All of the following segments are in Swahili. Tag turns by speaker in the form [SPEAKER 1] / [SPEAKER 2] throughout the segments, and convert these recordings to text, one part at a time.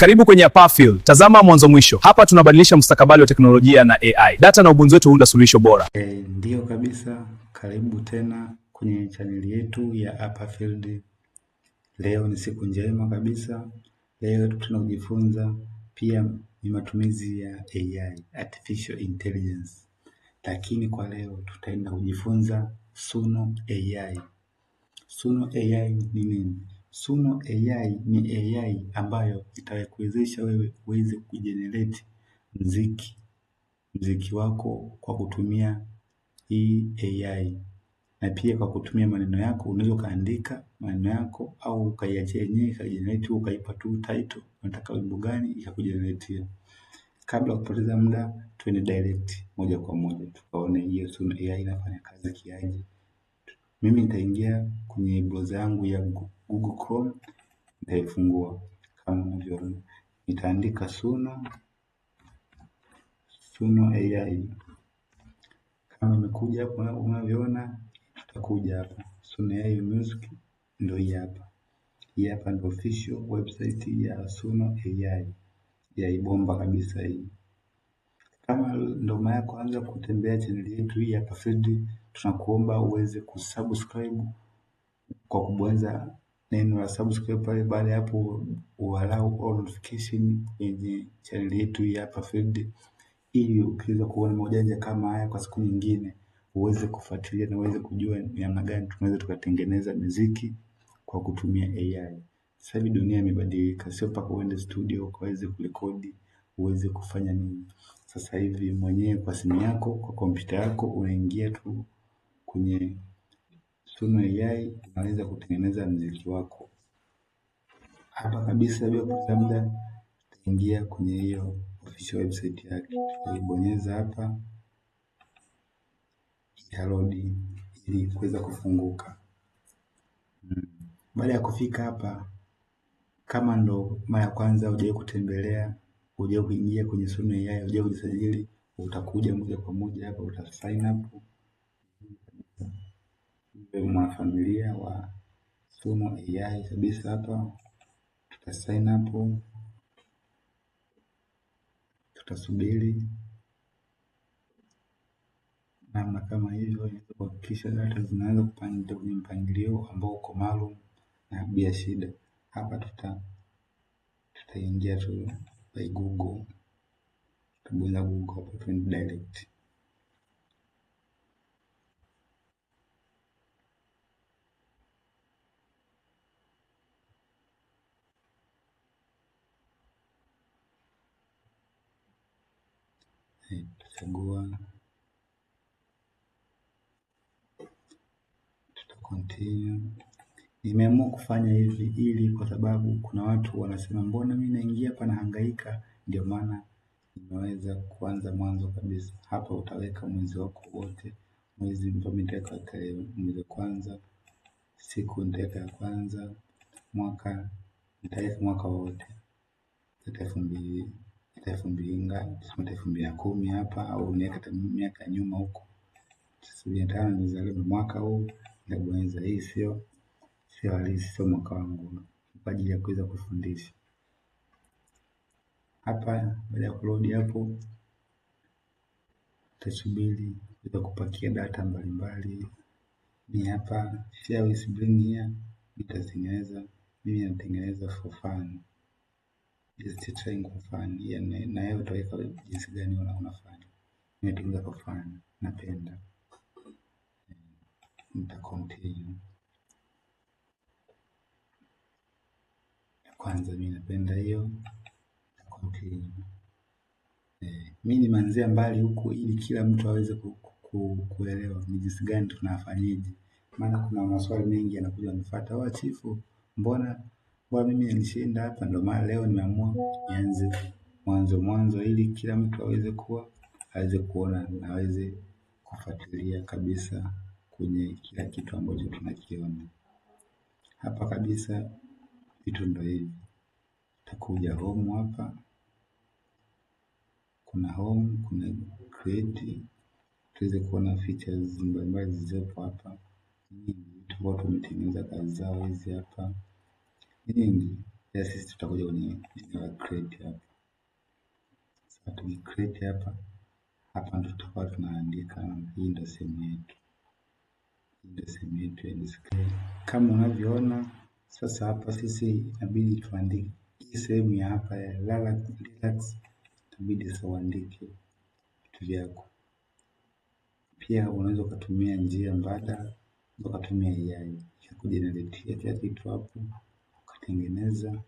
[SPEAKER 1] Karibu kwenye Apafield. Tazama mwanzo mwisho. Hapa tunabadilisha mustakabali wa teknolojia na AI. Data na ubunzi wetu huunda suluhisho bora.
[SPEAKER 2] E, ndiyo kabisa. Karibu tena kwenye chaneli yetu ya Apafield. Leo ni siku njema kabisa. Leo tunajifunza pia ni matumizi ya AI, artificial intelligence, lakini kwa leo tutaenda kujifunza Suno AI. Suno AI ni nini? Suno AI ni AI ambayo itakuwezesha wewe uweze kujenerate mziki, mziki wako kwa kutumia hii AI na pia kwa kutumia maneno yako unaweza ukaandika maneno yako au ukaiachia yenyewe ikajenereti ukaipa tu title unataka wimbo gani ikakujeneretia. Kabla kupoteza muda twende direct moja kwa moja tukaone hiyo Suno AI inafanya kazi kiaje. Mimi nitaingia kwenye browser yangu ya Google Chrome, nitaifungua kama mnavyoona. Nitaandika suno suno AI kama imekuja hapo unavyoona, tutakuja hapa suno AI music, ndio hii hapa. Hii hapa ndio official website ya suno AI ya ibomba kabisa hii. Kama ndo mara kwanza kutembea chaneli yetu hii hapa Field tunakuomba uweze kusubscribe kwa kubonyeza neno la subscribe pale. Baada ya hapo, uwalau all notification kwenye channel yetu ya hapa Field, ili ukiweza kuona maujanja kama haya kwa siku nyingine uweze kufuatilia na uweze kujua ni namna gani tunaweza tukatengeneza muziki kwa kutumia AI. Sasa hivi dunia imebadilika, sio mpaka uende studio ukaweze kurekodi, uweze kufanya nini. Sasa hivi mwenyewe kwa simu yako, kwa kompyuta yako, unaingia tu Kwenye Suno AI unaweza kutengeneza mziki wako. Hapa kabisa bila kupoteza muda kwenye hiyo official website yake. Tutaibonyeza hapa download ili kuweza kufunguka. Hmm. Baada ya kufika hapa, kama ndo mara ya kwanza hujawahi kutembelea, hujawahi kuingia kwenye Suno AI, hujawahi kujisajili, utakuja moja kwa moja hapa uta sign up mwanafamilia wa sumo AI kabisa hapa, tuta sign up, tutasubiri namna kama hivyo, ili kuhakikisha data zinaweza kupangwa kwenye mpangilio ambao uko maalum na bila shida. Hapa tuta tutaingia tu by Google, tutabonyeza Google hapo direct tutachagua continue. Nimeamua kufanya hivi ili kwa sababu kuna watu wanasema mbona mimi naingia hapa nahangaika, ndio maana nimeweza kuanza mwanzo kabisa. Hapa utaweka mwezi wako wote, mwezi ambao nitaweka mwezi wa kwanza, siku nitaweka ya kwanza, mwaka nitaweka mwaka wote elfu mbili elfu mbili na kumi hapa au miaka nyuma huko sabini na tano mwaka huu nikabonyeza hii sio sio halisi sio mwaka wangu kwa ajili ya kuweza kufundisha hapa baada ya kurudi hapo utasubiri kuweza kupakia data mbalimbali ni hapa share with bring here nitatengeneza mimi natengeneza for fun is trying kufanya yani, na wewe utaweka jinsi gani unafanya. Mimi nitaanza kufanya, napenda nita continue. Kwanza mimi napenda hiyo continue. Eh, mimi nimeanzia mbali huku ili kila mtu aweze kuelewa ni jinsi gani tunafanyaje, maana kuna maswali mengi yanakuja yanifuata, wa chifu, mbona kuwa mimi nilishinda hapa, ndio maana leo nimeamua nianze mwanzo mwanzo, ili kila mtu aweze kuwa aweze kuona na aweze kufuatilia kabisa kwenye kila kitu ambacho tunakiona hapa kabisa. Vitu ndio hivi, takuja home hapa, kuna home, kuna create, tuweze kuona features mbalimbali zilizopo hapa, vitu ambao tumetengeneza kazi zao hizi hapa nyingi ya sisi tutakuja kwenye eneo la create hapa. Sasa create hapa hapa ndo tutakuwa tunaandika, hii ndo sehemu yetu, hii ndo sehemu yetu ya display kama unavyoona. Sasa hapa sisi inabidi tuandike hii sehemu ya hapa ya lala relax, inabidi sasa uandike vitu vyako. Pia unaweza ukatumia njia mbadala, ukatumia AI ya kujeneratia kila kitu hapo kutengeneza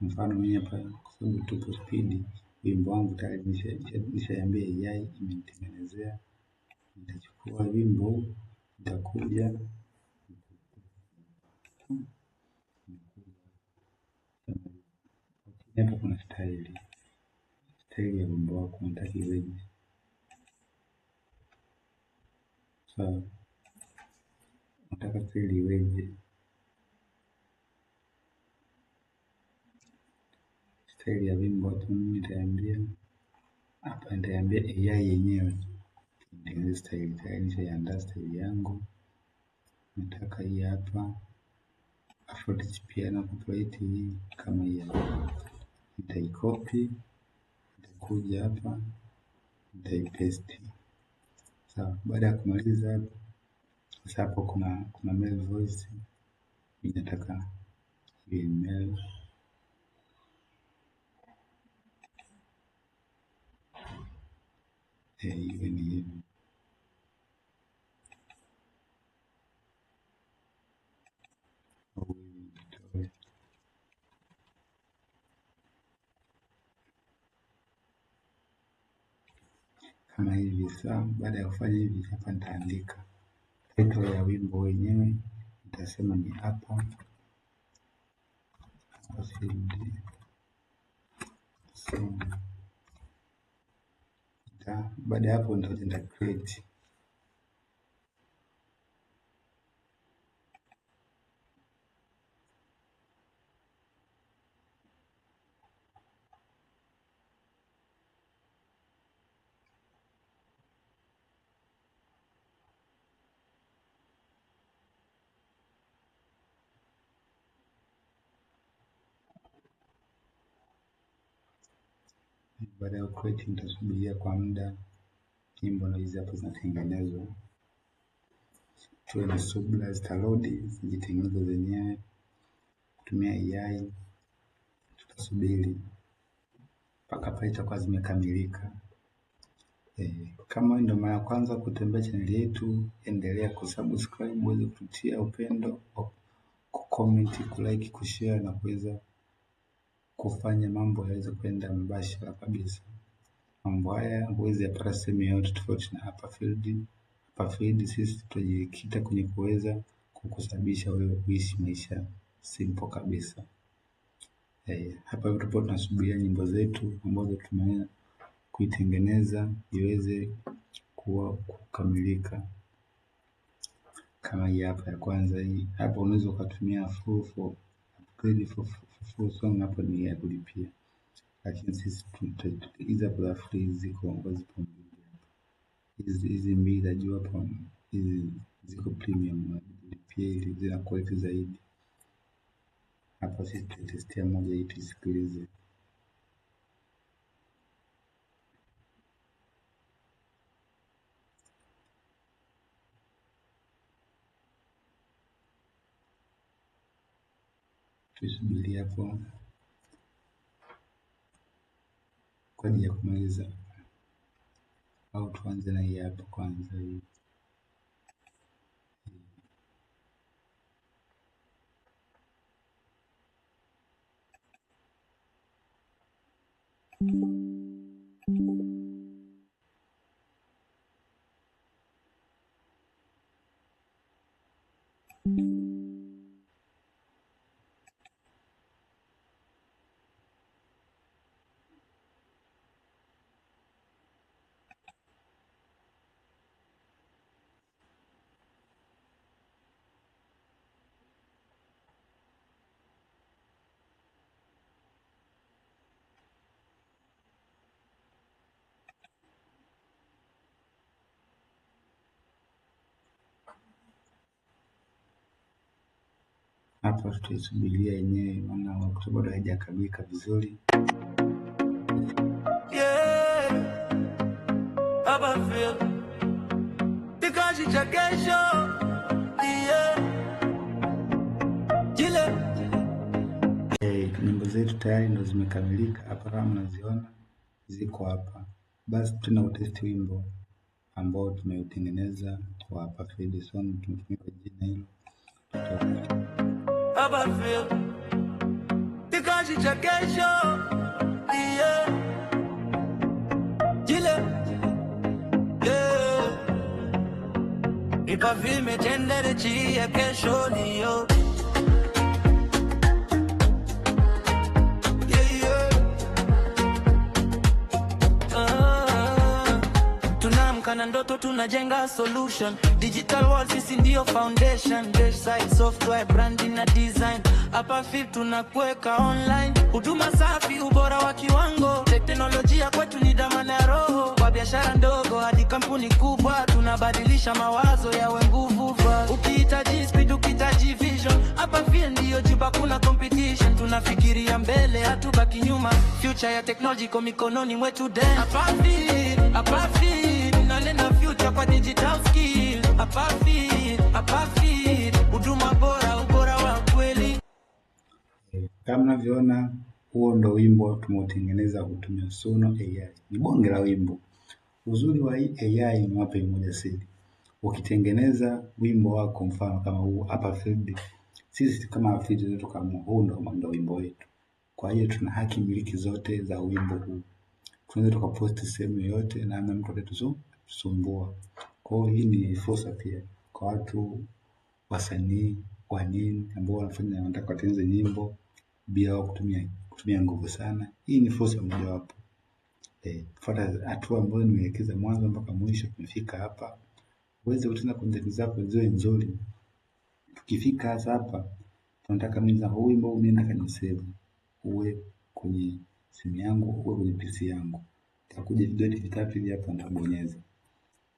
[SPEAKER 2] mfano mimi hapa kwa sababu tupo spidi wimbo wangu tayari nishaambia AI imenitengenezea. Nitachukua wimbo nitakuja hapa kuna staili staili ya wimbo wako unataka iweje? Sawa, nataka staili iweje? staili ya Bingwa tu nitaambia hapa nitaambia AI yenyewe nitengeneze staili tayari nishaiandaa staili yangu nataka hii hapa afford pia na copyright hii kama hii hapa nitaikopi nitakuja hapa nitaipaste sawa baada ya kumaliza hapo sasa hapo kuna kuna male voice inataka iwe male iwe ni hivi. Kama hivi sawa. Baada ya kufanya hivi, hapa nitaandika title ya wimbo wenyewe, nitasema ni hapa hapa baada ya hapo nitaenda create Baada ya kucreate nitasubiria kwa muda nyimbo na hizi hapo zinatengenezwa, tuwe na subla zitarodi, zijitengeneze zenyewe kutumia AI. Tutasubiri mpaka pale itakuwa zimekamilika. E, kama ndio mara ya kwanza kutembea chaneli yetu, endelea kusubscribe uweze kutia upendo, kucomment, kulike, kushare na kuweza kufanya mambo yaweze kwenda mbashara kabisa haya huwezi apata sehemu yoyote tofauti na field sisi tutajikita kwenye kuweza kukusababisha wewe uishi maisha simple kabisa eh, hapa tupo tunasubiria nyimbo zetu ambazo tume kuitengeneza iweze kuwa kukamilika kama hii hapa ya kwanza hii hapa unaweza ukatumia full for upgrade for full song hapo ni ya kulipia Iza barafu ziko ambazo hizi mbili najua hizi ziko premium pia hizi zina quality zaidi hapa sisi tutatestia moja hii tusikilize tusubiria hapo kwa ajili ya kumaliza au tuanze na hii hapa kwanza hii hapa tutaisubiria yenyewe, maana wakati bado haijakamilika vizuri. Kikazi cha kesho nyimbo zetu tayari ndo zimekamilika hapa, kama mnaziona ziko hapa. Basi tuna utesti wimbo ambao tumeutengeneza kwa hapa Fedi tumetumia kwa jina hilo. haba feel Nikajicha show, yeah. Jile yeah. Nikavime chendere chie show niyo ndoto tunajenga solution. Digital world sisi ndio foundation, design, software, branding na design. Hapa fit tunakuweka online, huduma safi, ubora wa kiwango, teknolojia kwetu ni damana ya roho, kwa biashara ndogo hadi kampuni kubwa, tunabadilisha mawazo yawe nguvu. Ukihitaji speed, ukihitaji vision, hapa fit ndio jiba, kuna competition. Tunafikiria mbele, hatubaki nyuma, future ya technology kwa mikononi mwetu. Hapa fit hapa fit nena future kwa digital skill. Hapa Feed, hapa Feed, huduma bora, ubora wa kweli. Kama mnavyoona, huo ndo wimbo tumeutengeneza kutumia Sono AI. Ni bonge la wimbo. Uzuri wa hii AI ni wape mmoja sidi. Ukitengeneza wimbo wako mfano kama huu hapa field, sisi kama field zetu kama huu ndo mwanzo wimbo wetu. Kwa hiyo tuna haki miliki zote za wimbo huu. Tunaweza tukapost sehemu yoyote na mtu atatuzo kusumbua. Kwa hiyo hii ni fursa pia kwa watu wasanii nini ambao wanafanya wanataka watengeneze nyimbo bila wao kutumia kutumia nguvu sana. Hii ni fursa moja wapo. Eh, kufuata hatua ambayo nimeelekeza mwanzo mpaka mwisho kufika hapa. Uweze kwa ndani zako ziwe nzuri. Tukifika hapa tunataka mimi huu wimbo mimi nataka ni save. Uwe kwenye simu yangu, uwe kwenye PC yangu. Takuja vidoti vitatu hivi hapa nitabonyeza.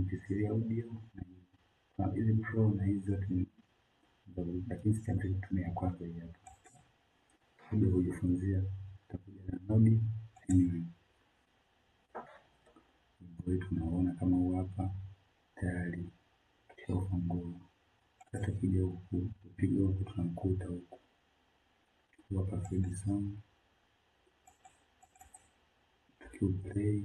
[SPEAKER 2] mp ya audio na hizi pro na hizi zote, lakini sitaki kutumia kwanza hii hapa. Kuja kujifunzia takuja na nodi anyway. Wimbo kama huu hapa tayari tushafungua. Sasa kija huku upiga huku tunamkuta huku hapa, fade song tukiuplay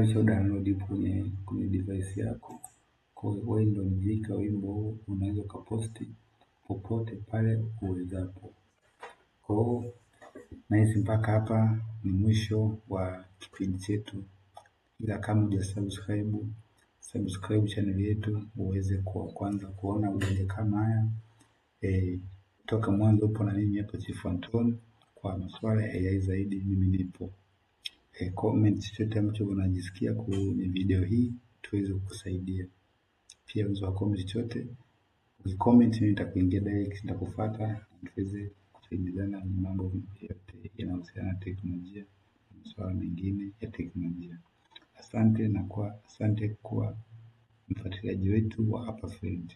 [SPEAKER 2] usha-download kwenye kwenye device yako. Kwa hiyo wewe ndio mzika wimbo huu, unaweza ukaposti popote pale uwezapo. Kwa hiyo nahisi mpaka hapa ni mwisho wa kipindi chetu, ila kama hujasubscribe, subscribe subscribe channel yetu uweze kuwa kwanza kuona ujumbe kama haya e, toka mwanzo. Upo na mimi hapa Chief Anton kwa masuala ya AI zaidi, mimi nipo. Eh, comment chochote ambacho unajisikia kwenye video hii tuweze kukusaidia. Pia unaweza comment chochote, ukicomment nitakuingia direct, nitakufuata, tuweze kusaidizana mambo yote yanayohusiana na teknolojia na masuala mengine ya teknolojia. Asante na kwa asante kwa mfuatiliaji wetu wa Upperfield.